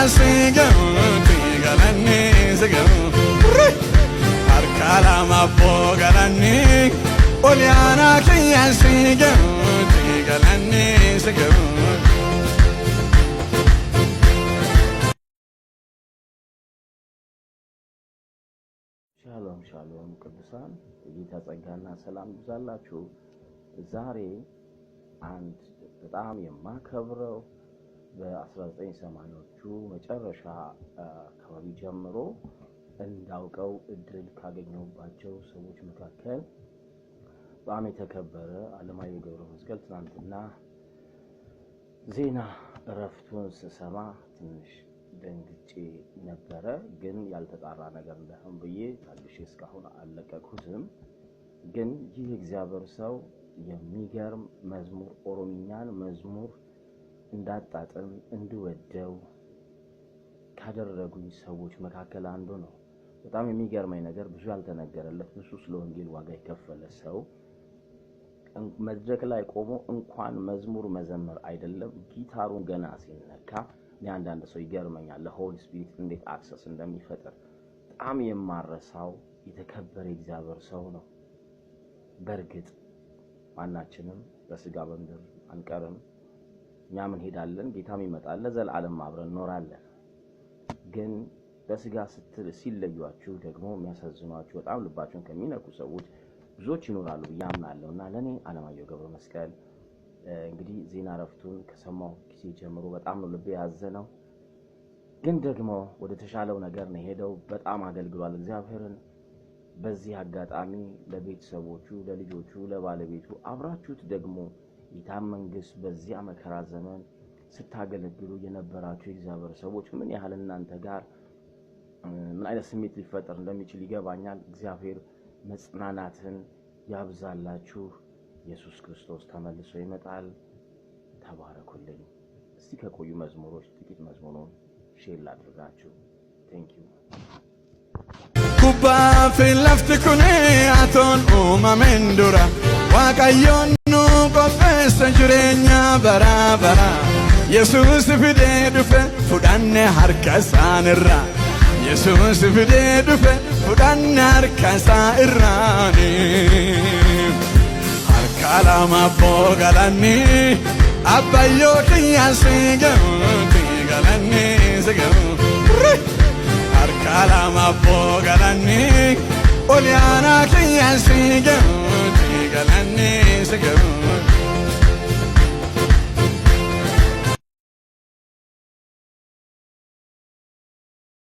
Galanti, galanni, segam. Arcala ma po galanni. Oliana che ya segam. Galanni, segam. ሻሎም ሻሎም ቅዱሳን የጌታ ጸጋና ሰላም ይብዛላችሁ። ዛሬ አንድ በጣም የማከብረው በ1980ዎቹ መጨረሻ አካባቢ ጀምሮ እንዳውቀው እድል ካገኘሁባቸው ሰዎች መካከል በጣም የተከበረ አለማየሁ ገብረ መስቀል ትናንትና ዜና እረፍቱን ስሰማ ትንሽ ደንግጬ ነበረ። ግን ያልተጣራ ነገር እንዳይሆን ብዬ ታግሼ እስካሁን አልለቀኩትም። ግን ይህ እግዚአብሔር ሰው የሚገርም መዝሙር ኦሮሚኛን መዝሙር እንዳጣጥም እንድወደው ካደረጉኝ ሰዎች መካከል አንዱ ነው። በጣም የሚገርመኝ ነገር ብዙ ያልተነገረለት ብዙ ስለ ወንጌል ዋጋ የከፈለ ሰው መድረክ ላይ ቆሞ እንኳን መዝሙር መዘመር አይደለም ጊታሩን ገና ሲነካ እኔ ሰው ይገርመኛል ለሆል ስፒሪት እንዴት አክሰስ እንደሚፈጥር። በጣም የማረሳው የተከበረ እግዚአብሔር ሰው ነው። በእርግጥ ማናችንም በስጋ በምድር አንቀርም። እኛም እንሄዳለን፣ ጌታም ይመጣል፣ ለዘላለም አብረን እኖራለን። ግን በስጋ ስትል ሲለዩችሁ ደግሞ የሚያሳዝኗችሁ በጣም ልባችሁን ከሚነኩ ሰዎች ብዙዎች ይኖራሉ ብዬ አምናለሁ እና ለእኔ አለማየሁ ገብረ መስቀል እንግዲህ ዜና እረፍቱን ከሰማሁ ጊዜ ጀምሮ በጣም ነው ልቤ ያዘነው። ግን ደግሞ ወደ ተሻለው ነገር ነው ሄደው በጣም አገልግሏል እግዚአብሔርን። በዚህ አጋጣሚ ለቤተሰቦቹ፣ ለልጆቹ፣ ለባለቤቱ አብራችሁት ደግሞ ጌታን መንግስት በዚያ መከራ ዘመን ስታገለግሉ የነበራችሁ የእግዚአብሔር ሰዎች ምን ያህል እናንተ ጋር ምን አይነት ስሜት ሊፈጠር እንደሚችል ይገባኛል። እግዚአብሔር መጽናናትን ያብዛላችሁ። ኢየሱስ ክርስቶስ ተመልሶ ይመጣል። ተባረኩልኝ። እስቲ ከቆዩ መዝሙሮች ጥቂት መዝሙሩን ሼል አድርጋችሁ ቴንኪዩ ኩባ ኩኔ አቶን ኡማሜንዱራ ዋቃዮኑ jireenya baraa baraa Yesuus fidee dhufe fudhanne harka isaan irraa Yesuus fidee dhufe fudhanne harka isaa irraani Harka lama abboo galanni abbayyoo kiyya sigamuuti galanni sigamuuti Harka lama abboo galanni olyaanaa